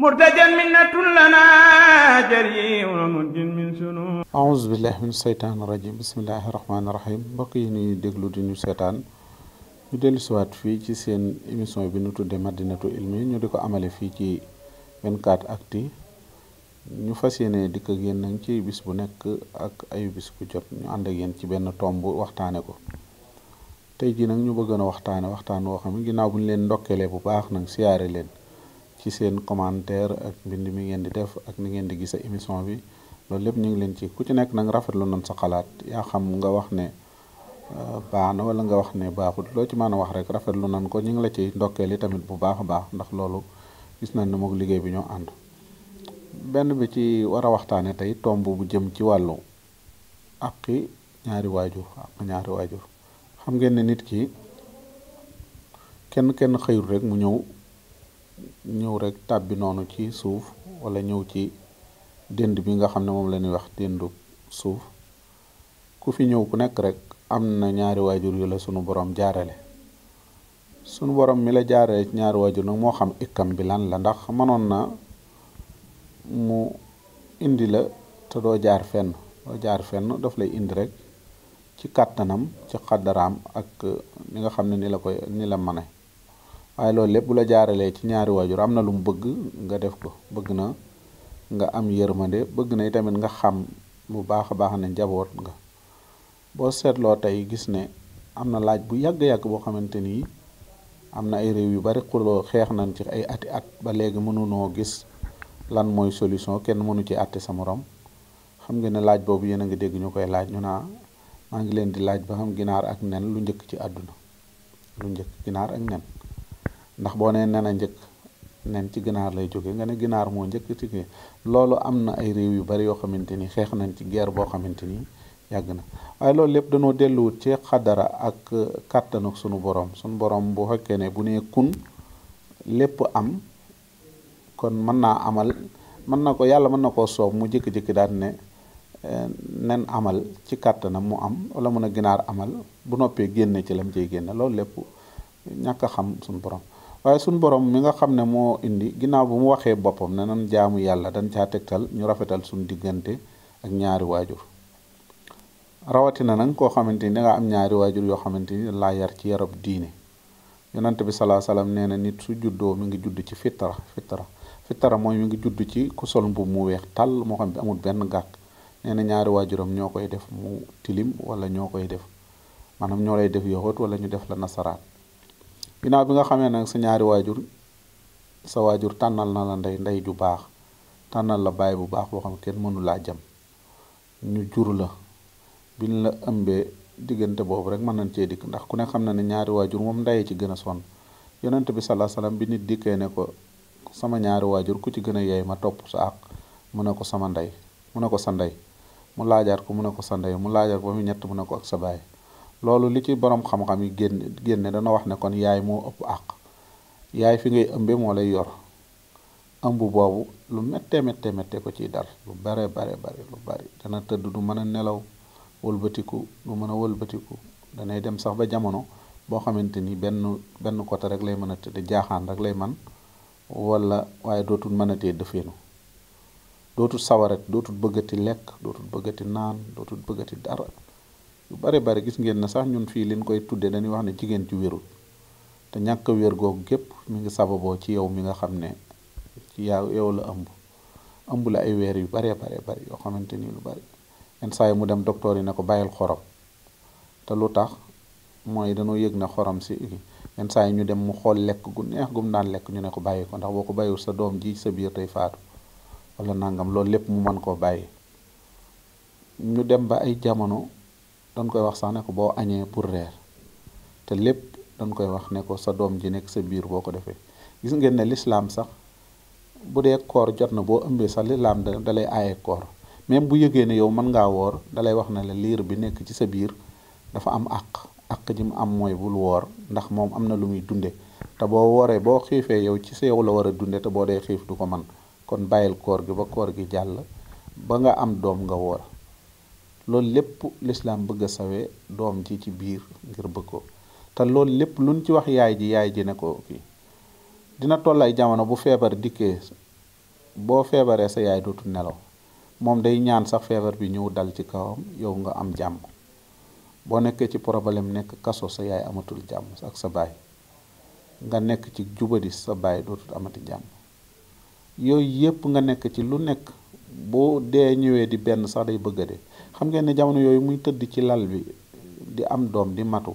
murtajan minnatun lanaa jariun muddin min sunu aouzu billahi min seytaani rajim bismillahi rahmaani rahim mbokk yi ñuy déglu di ñu seetaan ñu dellu siwaat fii ci seen émission bi ñu tudde madinatu ilmi ñu di ko amale fii ci 24 actu ñu fas yéene dikk ak yéen nag ci bis bu nekk ak ayu bis ku jot ñu ànd ci benn tomb waxtaane ko tey jii nag ñu bëggoon a waxtaane waxtaan woo xam ne ginnaaw bu ñu leen ndokkeelee bu baax nag siyaare leen ci seen commentaire ak mbind mi ngeen di def ak ni ngeen di gisa émission bi loolu lépp ñu ngi leen ci ku ci nekk nag rafetlu nañ sa xalaat yaa xam nga wax ne euh, baax na wala nga wax ne baaxut loo ci mën a wax rek rafetlu nañ ko ñu ngi la ciy ndokkeel yi tamit bu baax a baax ndax loolu gis nañ ne moog liggéey bi ñoo ànd benn bi ci war a waxtaane tey tomb bu jëm ci wàllu àqi ñaari waajur àq ñaari waajur xam ngeen ne nit ki kenn kenn xëyul rek mu ñëw ñëw rek tàbbi noonu ci suuf wala ñëw ci dënd bi nga xam ne moom la wax dëndu suuf ku fi ñëw ku nekk rek am na ñaari waajur yu la sunu borom jaarale sunu borom mi la jaarale ci ñaari waajur nag moo xam ikkam bi lan la ndax mënoon na mu indi la te doo jaar fenn doo jaar fenn daf lay indi rek ci kàttanam ci xaddaraam ak ni nga xam ne ni la koy ni la mane waaye loolu lépp bu la jaaralee ci ñaari waajur am na lu mu bëgg nga def ko bëgg na nga am yërmande bëgg na tamit nga xam bu baax a baax ne njaboot nga boo seetloo tey gis ne am na laaj bu yàgg-yàgg boo xamante ni am na ay réew yu bari xuloo xeex nañ ci ay ati at ba léegi mënunoo gis lan mooy solution kenn mënu ci àtte sa morom xam nga ne laaj boobu yéen a ngi dégg ñu koy laaj ñu naa maa ngi leen di laaj ba xam ginaar ak nen lu njëkk ci àdduna lu njëkk ginaar ak nen ndax boo nee nen a njëkk nen ci ginaar lay jóge nga ne ginaar moo njëkk ci kii loolu am na ay réew yu bari yoo xamante ni xeex nañ ci guerre boo xamante ni yàgg na waaye loolu lépp danoo delluwut ci xadara ak kàttan ak sunu borom sunu borom bu fekkee ne bu nee kun lépp am kon mën naa amal mën na ko yàlla mën na koo soob mu jékki-jékki daal ne eh, nen amal ci kàttanam mu am walla mën a ginaar amal bu noppee génne ci lam ciy génne loolu lépp ñàkk xam sunu borom. waaye suñ boroom mi nga xam ne moo indi ginnaaw bu mu waxee boppam ne nan jaamu yàlla dañ caa tegtal ñu rafetal suñ diggante ak ñaari waajur rawatina nag koo xamante ni danga am ñaari waajur yoo xamante ni laa yar ci yarab diine yonante bi salaa salaam nee na nit su juddoo mi ngi juddu ci fitara fitara fitara mooy mi ngi judd ci ku sol mbubb mu weex tàll moo xam bi amul benn gàkk nee na ñaari waajuram ñoo koy def mu tilim wala ñoo koy def maanaam ñoo lay def yoxoot wala ñu def la nasaraan ginnaaw bi nga xamee nag sa ñaari waajur sa waajur tànnal na la ndey ndey ju baax tànnal la baay bu baax boo xam kenn mënu laa jam ñu jur la biñ la ëmbee diggante boobu rek mën nañ cee dikk ndax ku ne xam na ne ñaari waajur moom ndey ci gën a sonn yonent bi salaa salaam bi nit dikkee ne ko sama ñaari waajur ku ci gën a yeey ma topp sa àq mu ne ko sama ndey mu ne ko sa ndey mu laajaat ko mu ne ko sa ndey mu laajaat ko ba mu ñett mu ne ko ak sa baay loolu li ci boroom xam-xam yi génn génne dana wax ne kon yaay moo ëpp àq yaay fi ngay ëmbe moo lay yor ëmb boobu lu méttee méttee méttee ko ciy dal lu bare bare bare lu bari dana tëdd du mën a nelaw wëlbatiku du mën a wëlbatiku danay dem sax ba jamono boo xamante ni benn benn côté rek lay mën a tëdd jaaxaan rek lay man wala waaye dootul mën a tee dëfeenu dootul sawaret dootul bëggati lekk dootul bëggati naan dootul bëggati dara lu bare bare gis ngeen ne sax ñun fii leen koy tudde dañuy wax ne jigéen ci wérul te ñàkk wér googu gépp mi ngi sababoo ci yow mi nga xam ne yaa yow la ëmb ëmb la ay weer yu bare bare bare yoo xamante ni lu bare yenn saa yi mu dem docteur yi ne ko bàyyil xorom te lu tax mooy danoo yëg ne xorom si yenn saa yi ñu dem mu xool lekk gu neex gum daan lekk ñu ne ko bàyyi ko ndax boo ko bàyyiwul sa doom ji sa biir tey faatu wala nangam loolu lépp mu mën koo bàyyi ñu dem ba ay jamono dañ koy wax sax ne ko boo añee pour reer te lépp dañ koy wax ne ko sa doom ji nekk sa biir boo ko defee gis ngeen ne lislaam sax bu dee koor jot na boo ëmbee sax lislaam da dalay aaye koor même bu yëgee ne yow man ngaa woor dalay wax ne la liir bi nekk ci sa biir dafa am àq àq ji mu am mooy bul woor ndax moom am na lu muy dunde te boo wooree boo xiifee yow ci sa yow la war a dunde te boo dee xiif du ko man kon bàyyil koor gi ba koor gi jàll ba nga am doom nga woor loolu lépp lislaam bëgg a sawe doom ji ci biir ngir bëgg ko te loolu lépp luñ ci wax yaay ji yaay ji ne ko kii dina toll ay jamono bu feebar dikkee boo feebaree sa yaay dootul nelaw moom day ñaan sax feebar bi ñëw dal ci kawam yow nga am jàmm boo nekkee ci problème nekk kaso sa yaay amatul jàmm ak sa baay nga nekk ci jubadi sa baay dootul amati jàmm yooyu yépp nga nekk ci lu nekk boo dee ñëwee di benn sax day bëgg a dee xam ngeen ne jamono yooyu muy tëdd ci lal bi di am doom di matu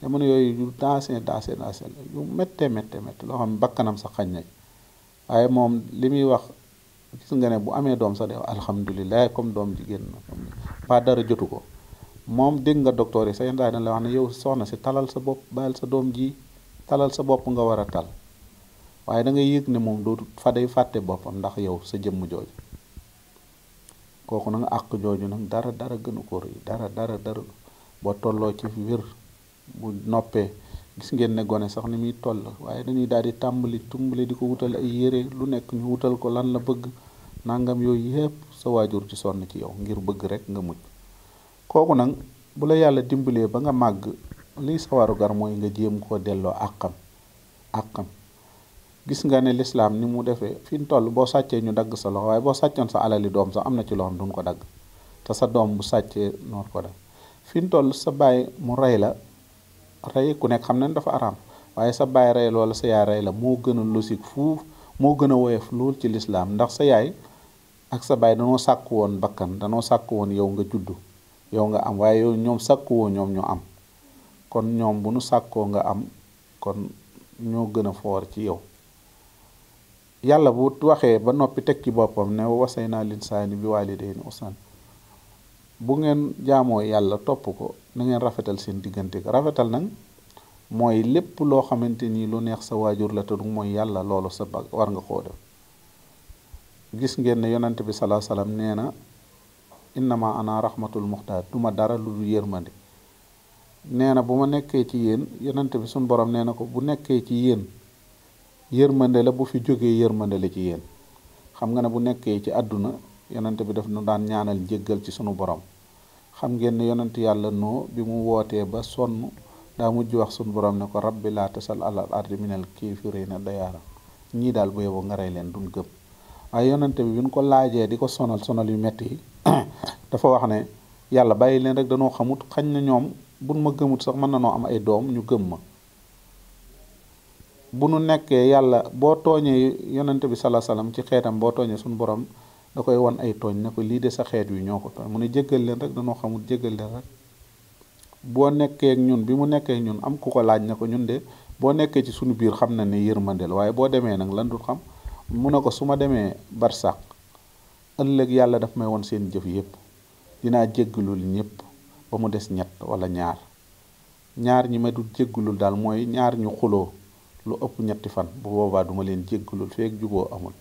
jamono yooyu yu daasee daasee daasee yu mettee méttee méttee loo xam ne bakkanam sax xañ na waaye moom li muy wax gis nga bu amee doom sax day wax alhamdulilah comme doom jigéen na ba dara jotu ko moom dégg nga doktoor yi sa yenn daal la wax ne yow soxna si talal sa bopp bàyyil sa doom ji talal sa bopp nga war a tal waaye da ngay yëg ne moom dootu fa day fàtte boppam ndax yow sa jëmm jooju. kooku nag àq jooju nag dara dara gënu ko rëy dara dara dara boo tolloo ci wér bu noppee gis ngeen ne gone sax ni muy toll waaye dañuy daal di tàmbali tumbali di ko wutal ay yére lu nekk ñu wutal ko lan la bëgg nangam yooyu yépp sa waajur ci sonn ci yow ngir bëgg rek nga mujj kooku nag bu la yàlla dimbalee ba nga màgg liy sa warugar mooy nga jéem koo delloo àqam àqam gis nga ne lislaam ni mu defee fi mu toll boo sàccee ñu dagg sa loxo waaye boo sàccoon sa alali doom sax am na ci loo xam duñ ko dagg te sa doom bu sàccee noor ko def fi mu toll sa baay mu rey la rey ku nekk xam ne dafa araam waaye sa baay rey loola sa yaay rey la moo gën a logique fuuf moo gën a woyof lool ci lislaam ndax sa yaay ak sa baay danoo sàkk woon bakkan danoo sàkk woon yow nga juddu yow nga am waaye yow ñoom sàkkuwoo ñoom ñu am kon ñoom bu sàkkoo nga am kon ñoo gën a foor ci yow yàlla bu waxee ba noppi teg ci boppam ne wasay naa linsaani bi waalidayni ihsan bu ngeen jaamoo yàlla topp ko na ngeen rafetal seen diggante rafetal nag mooy lépp loo xamante ni lu neex sa waajur la te du mooy yàlla loolu sa bag war nga koo def gis ngeen ne yonante bi salaa salaam nee na anaa raxmatul rahmatul muxtaar duma dara lu du yërmande nee na bu ma nekkee ci yéen yonante bi suñ borom nee na ko bu nekkee ci yéen yërmande la bu fi jógee yërmande ci yéen xam nga ne bu nekkee ci àdduna yonent bi daf nu daan ñaanal njéggal ci sunu borom xam ngeen ne yonent yàlla noo bi mu wootee ba sonn daa mujj wax sunu borom ne ko rabbi laa tasal alal ardi minal na dayaara ñii daal bu yeboo nga rey leen duñ gëm waaye yonente bi bi ñu ko laajee di ko sonal sonal yu metti yi dafa wax ne yàlla bàyyi leen rek danoo xamut xañ na ñoom buñ ma gëmut sax mën na noo am ay doom ñu gëm ma bu nu nekkee yàlla boo tooñee yonante bi sala salaam ci xeetam boo tooñee suñu borom da koy won ay tooñ ne ko lii de sa xeet wi ñoo ko tooñ mu ne jéggal leen rek danoo xamul jéggal leen rek boo nekkee ñun bi mu nekkee ñun am ku ko laaj na ko ñun de boo nekkee ci suñu biir xam na ne yërmandeel waaye boo demee nag lan dul xam mu ne ko su ma demee barsàq ëllëg yàlla daf may won seen jëf yépp dinaa jéggalul ñépp ba mu des ñett wala ñaar ñaar ñi ma dul jéggalul daal mooy ñaar ñu lu ëpp ñetti fan bu boobaa duma leen jéggalul feek juboo amul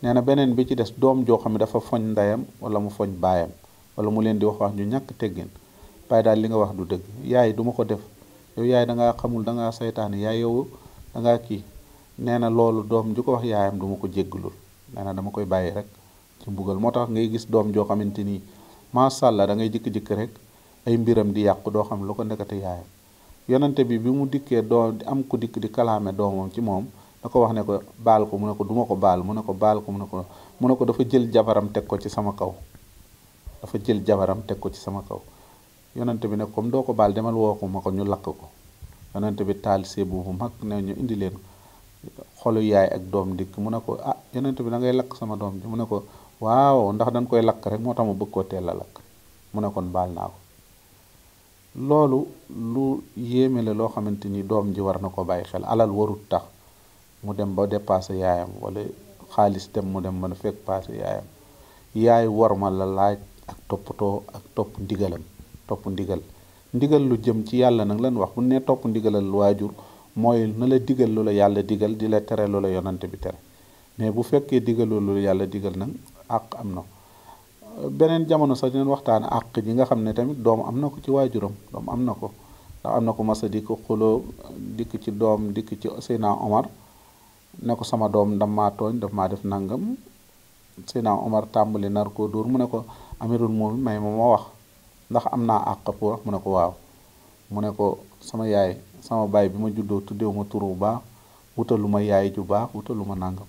nee na beneen bi ci des doom joo xam ne dafa foñ ndeyam wala mu foñ baayam wala mu leen di wax wax ñu ñàkk teggin bàyyi daal li nga wax du dëgg yaay duma ko def yow yaay dangaa xamul dangaa saytaane yaay yow dangaa kii nee na loolu doom ju ko wax yaayam duma ko jéggalul nee na dama koy bàyyi rek ci mbugal moo tax ngay gis doom joo xamante nii macha allah da ngay jëkk-jëkk rek ay mbiram di yàqu doo xam lu ko nekkati yaayam yonente bi bi mu dikkee doo am ku dikk di kalaame doomam ci moom da ko wax ne ko baal ko mu ne ko duma ko baal mu ne ko baal ko mu ne ko mu ne ko dafa jël jabaram teg ko ci sama kaw dafa jël jabaram teg ko ci sama kaw yonente bi ne comme doo ko baal demal woo ko ma ko ñu lakk ko yonente bi taal sébu bu mag ne ñu indi leen xolu yaay ak doom dikk mu ne ko ah yonente bi da ngay lakk sama doom ji mu ne ko waaw ndax dañ koy lakk rek moo tax ma bëgg koo teel la lakk mu ne kon baal naa ko loolu lu yéeme la loo xamante ni doom ji war na ko bàyyi xel alal warut tax mu dem ba dépassé yaayam wala xaalis dem mu dem mën na fekk passé yaayam yaay war ma la laaj ak toppatoo ak topp ndigalam topp ndigal ndigal lu jëm ci yàlla nag lan wax bu ne topp ndigalal waajur mooy na la digal lu la yàlla digal di la tere lu la yonante bi tere mais bu fekkee digaloo lu la yàlla digal nag àq am na beneen jamono sax dinañ waxtaan àq ji nga xam ne tamit doom am na ko ci waajuram doom am na ko ndax am na ko masa di ko xuloo dikk ci doom dikk ci Seyna Omar ne ko sama doom daf maa daf maa def nangam Seyna Omar tàmbali nar koo dóor mu ne ko amirul moom may ma ma wax ndax am naa àq mu ne ko waaw mu ne ko sama yaay sama baay bi ma juddoo tuddeewu ma turu bu baax wutalu ma yaay ju baax wutalu ma nangam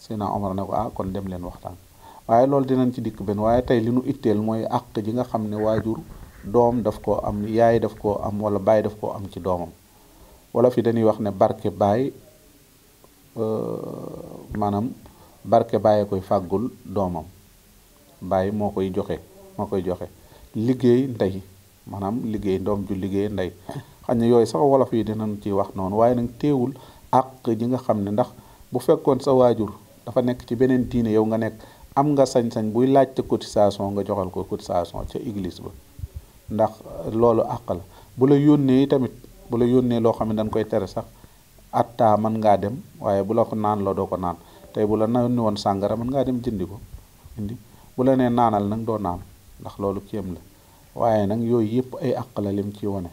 Seyna Omar ne ko ah kon dem leen waxtaan waaye loolu dinañ ci dikk benn waaye tey li nu itteel mooy àq ji nga xam ne waajur doom daf koo am yaay daf koo am wala baay daf koo am ci doomam wala fi dañuy wax ne barke baay euh, maanaam barke baay koy fàggul doomam baay moo koy joxe moo koy joxe liggéey ndey maanaam liggéey doom ju liggéey ndey xam ne yooyu sax wolof yi dinañ ci wax noonu waaye nag teewul àq ji nga xam ne ndax bu fekkoon sa waajur dafa nekk ci beneen diine yow nga nekk am nga sañ-sañ buy laajte cotisation nga joxal ko cotisation ca église ba ndax loolu àq la bu la yónnee tamit bu la yónnee loo xam ne dañ koy tere sax atta mën ngaa dem waaye bu ko naan loo doo ko naan tey bu la yónnee woon sàngara mën ngaa dem jëndi indi bu la nee naanal nag doo naan ndax loolu kéem la waaye nag yooyu yëpp ay àq la ci wane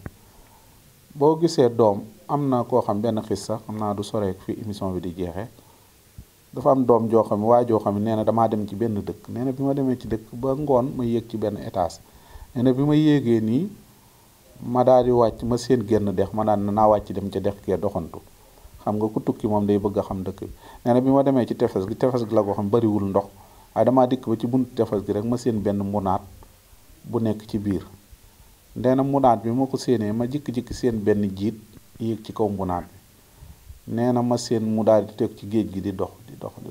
boo gisee doom am na koo xam benn xis sax xam naa du soreek fi émission bi di jeexee dafa am doom joo xam ne waa joo xam ne nee na damaa dem ci benn dëkk nee na bi ma demee ci dëkk ba ngoon ma yéeg ci benn étage nee bi ma yéegee nii ma daal di wàcc ma seen genn dex ma daan naa wàcc dem ca dex doxantu xam nga ku tukki moom day bëgg a xam dëkk bi nee bi ma demee ci tefes gi tefes gi la ko xam bariwul ndox waaye damaa dikk ba ci buntu tefes gi rek ma seen benn munaat bu nekk ci biir nee na munaat bi ma ko séenee ma jikki-jikki seen benn jiit yéeg ci kaw munaat nee na ma seen mu daal di teg ci géej gi di dox di dox di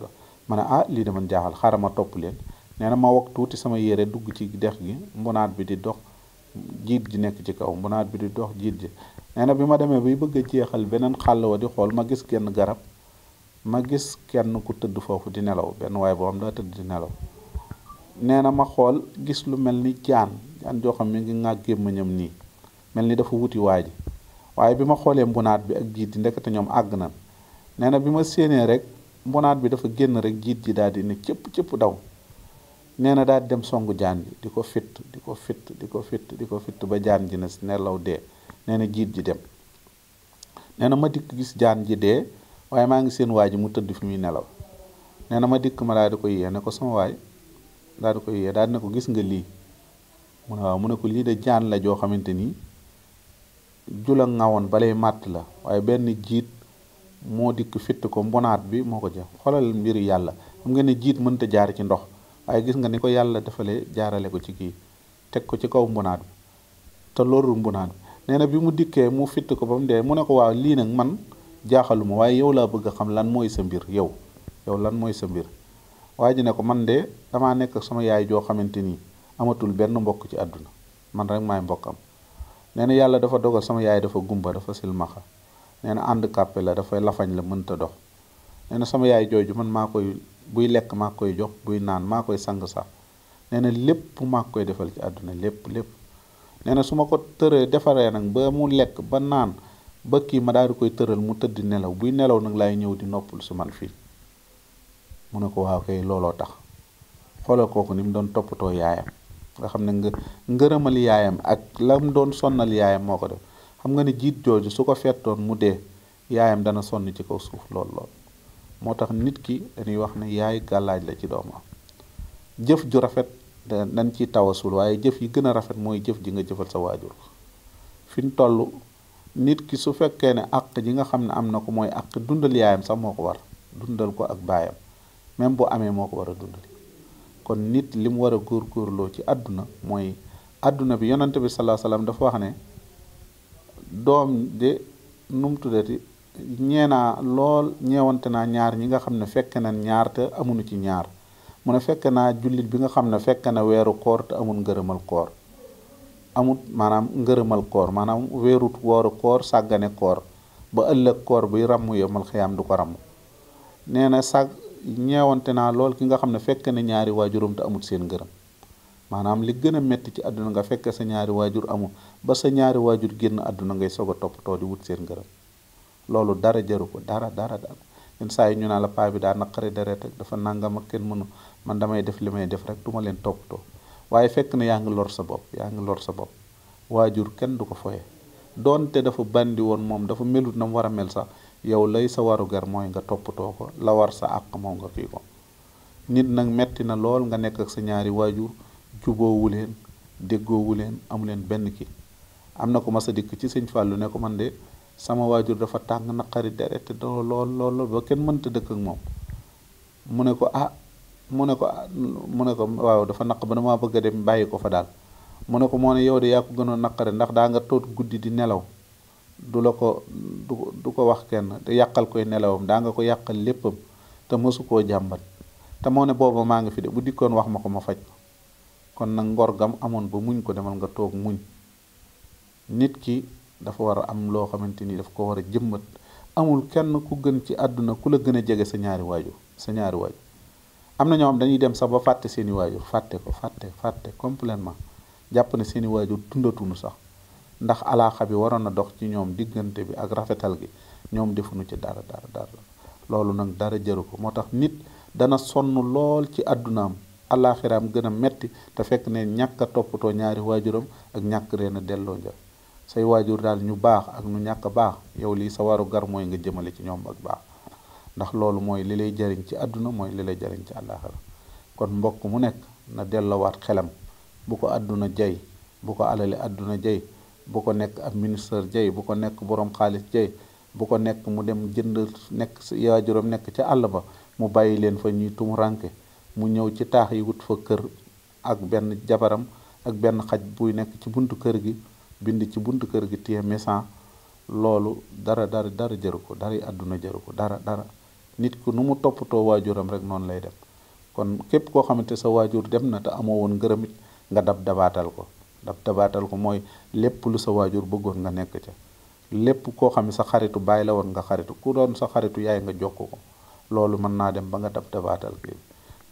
ma ne ah lii de man jaaxal xaaral ma topp leen nee na ma wokk tuuti sama yére dugg ci dex gi mbunaat bi di dox jiit ji nekk ci kaw mbunaat bi di dox jiit ji nee bi ma demee bay bëgg a jeexal beneen xàll wa di xool ma gis genn garab ma gis kenn ku tëdd foofu di nelaw benn waaye boo xam daa tëdd di nelaw nee na ma xool gis lu mel ni jaan jaan joo xam mi ngi ŋàgg gémmiñam nii mel ni dafa wuti waa ji waaye bi ma xoolee mbunaat bi ak jiit di ndekete ñoom àgg na nee na bi ma séenee rek mbunaat bi dafa génn rek jiit ji daal di ne cëpp cëpp daw nee na daal dem songu jaan ji di ko fitt di ko fitt di ko fitt di ko fitt ba jaan ji ne nelaw dee nee jiit ji dem nee na ma dikk gis jaan ji dee waaye maa ngi seen waa ji mu tëdd fi muy nelaw nee na ma dikk ma daal di ko yee ne ko sama waay daal di ko yee daal di ne ko gis nga lii mu ne waaw mu ne ko lii de jaan la joo xamante nii jula ŋawoon balay màtt la waaye benn jiit moo dikk fitt ko mbonaat bi moo ko jëf xolal mbir yàlla xam nga ne jiit mënta jaar ci ndox waaye gis nga ni ko yàlla defale jaarale ko ci kii teg ko ci kaw mbonaat bi te loolu mbonaat bi nee na bi mu dikkee mu fitt ko ba mu dee mu ne ko waaw lii nag man jaaxaluma waaye yow laa bëgg a xam lan mooy sa mbir yow yow lan mooy sa mbir waa ji ne ko man de damaa nekk sama yaay joo xamante ni amatul benn mbokk ci àdduna man rek maay mbokkam nee na yàlla dafa dogal sama yaay dafa gumba dafa silmaxa nee na handicapé la dafay lafañ la mënta dox nee na sama yaay jooju man maa koy buy lekk maa koy jox buy naan maa koy sang sax nee na lépp maa koy defal ci àdduna lépp lépp nee na su ma ko tëree defaree nag ba mu lekk ba naan ba kii ma daal di koy tëral mu tëdd nelaw buy nelaw nag lay ñëw di noppal su man fii mu ne ko waaw kay looloo tax xoolal kooku ni mu doon toppatoo yaayam nga xam ne nga ngërëmal yaayam ak lam doon sonnal yaayam moo ko def xam nga ne jiit jooju su ko fettoon mu dee yaayam dana sonn ci kaw suuf lool lool moo tax nit ki dañuy wax ne yaay gàllaaj la ci doomam jëf ju rafet dañ ciy tawasul waaye jëf yi gën a rafet mooy jëf ji nga jëfal sa waajur fi mu toll nit ki su fekkee ne àq ji nga xam ne am na ko mooy àq dundal yaayam sax moo ko war dundal ko ak baayam même bu amee moo ko war a dundal kon nit li mu war a góorgóorloo ci àdduna mooy àdduna bi yonante bi salaa salaam dafa wax ne doom de nu mu tuddati ñeenaa lool ñeewante naa ñaar ñi nga xam ne fekk na ñaar te amuñu ci ñaar mu ne fekk naa jullit bi nga xam ne fekke na weeru koor te amul ngërëmal koor amut maanaam ngërëmal koor maanaam weerut wooru koor sàggane koor ba ëllëg koor bi ràmm yomal xiyaam du ko ràmm nee sàgg ñewante naa lool ki nga xam ne fekk ne ñaari waajuram te amut seen ngërëm maanaam li gën a metti ci àdduna nga fekk sa ñaari waajur amul ba sa ñaari waajur génn àdduna ngay soog a too di wut seen ngërëm loolu dara jaru ko dara dara dara yenn saa yi ñu naa la paa bi daa naqare deret rek dafa nangam a kenn mënu man damay def li may def rek du ma leen toppatoo waaye fekk na yaa ngi loor sa bopp yaa ngi lor sa bopp waajur kenn du ko foye doonte dafa bandi woon moom dafa melut na mu war a mel sax yow lay sa warugar mooy nga toppatoo ko la war sa àq moom nga kii ko nit nag metti na lool nga nekk ak sa ñaari waajur juboowu leen déggoowu leen amu leen benn kii am na ko ma sa dikk ci sëñ Fallou ne ko man de sama waajur dafa tàng naqari deret lool lool lool ba kenn mënta dëkk ak moom mu ne ko ah mu ne ko mu ne ko waaw dafa naq ba dama bëgg a dem bàyyi ko fa daal mu ne ko moo ne yow de yaa ko gënoon naqari ndax daa nga toog guddi di nelaw du la ko du du ko wax kenn te yàqal koy nelawam daa nga ko yàqal léppam te mësu koo jàmbat te moo ne booba maa ngi fi de bu dikkoon wax ma ko ma faj kon nag ngor gam amoon ba muñ ko demal nga toog muñ nit ki dafa war a am loo xamante ni daf ko war a jëmbat amul kenn ku gën ci àdduna ku la gën a jege sa ñaari waajur sa ñaari waajur am na ñoo xam dañuy dem sax ba fàtte seeni waaju fàtte ko fàtte fàtte complètement jàpp ne seeni waajur tundatunu sax ndax alaaxa bi waroon a dox ci ñoom diggante bi ak rafetal gi ñoom defuñu ci dara dara dara loolu nag dara jëru ko moo tax nit dana sonn lool ci àddunaam alaaxiraam gën a metti te fekk ne ñàkk toppatoo ñaari waajuram ak ñàkk reen a delloo njël say waajur daal ñu baax ak ñu ñàkk baax yow lii sa waru gar mooy nga jëmale ci ñoom ak baax ndax loolu mooy li lay jariñ ci àdduna mooy li lay jariñ ci àllaaxira kon mbokk mu nekk na delloowaat xelam bu ko àdduna jay bu ko alale àdduna jay bu ko nekk ak ministre jëy bu ko nekk boroom xaalis jëy bu ko nekk mu dem jënd nekk waajuram nekk ca àll ba mu bàyyi leen fa ñuy tumuraanke mu ñëw ci taax yi wut fa kër ak benn jabaram ak benn xaj buy nekk ci buntu kër gi bind ci buntu kër gi téye mesan loolu dara dara dara jëru ko dara àdduna jëru ko dara dara nit ku nu mu toppatoo waajuram rek noonu lay def kon képp koo xamante sa waajur dem na te amoo woon ngërëmit nga dab dabaatal ko daf tabaatal ko mooy lépp lu sa waajur bëggoon nga nekk ca lépp koo xam ne sa xaritu bàyyi la woon nga xaritu ku doon sa xaritu yaay nga jokk ko loolu mën naa dem ba nga dab tabaatal kii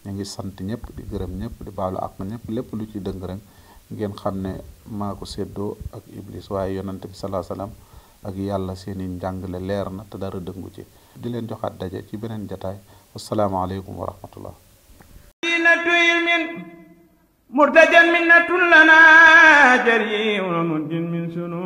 ñu ngi sant ñëpp di gërëm ñëpp di baalo ak ñëpp lépp lu ci dëng rek ngeen xam ne maa ko séddoo ak iblis waaye yonante bi salaa salaam ak yàlla seeni njàngale leer na te dara dëngu ci di leen joxaat daje ci beneen jataay wasalaamaaleykum wa rahmatullah مرتجا منة لنا جريء ومد من سنون